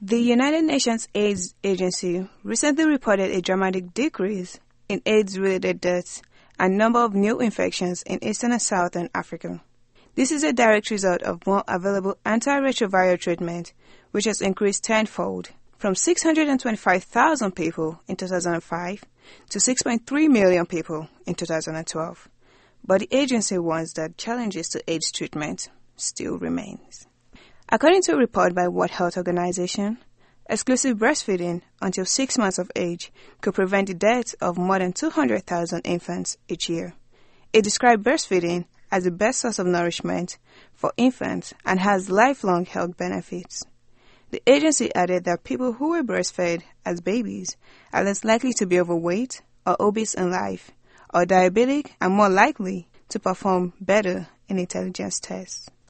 The United Nations AIDS Agency recently reported a dramatic decrease in AIDS related deaths and number of new infections in Eastern and Southern Africa. This is a direct result of more available antiretroviral treatment, which has increased tenfold from 625,000 people in 2005 to 6.3 million people in 2012. But the agency warns that challenges to AIDS treatment still remains. According to a report by World Health Organization, exclusive breastfeeding until 6 months of age could prevent the death of more than 200,000 infants each year. It described breastfeeding as the best source of nourishment for infants and has lifelong health benefits. The agency added that people who were breastfed as babies are less likely to be overweight or obese in life, or diabetic and more likely to perform better in intelligence tests.